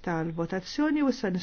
tal-votazzjoni u s-sani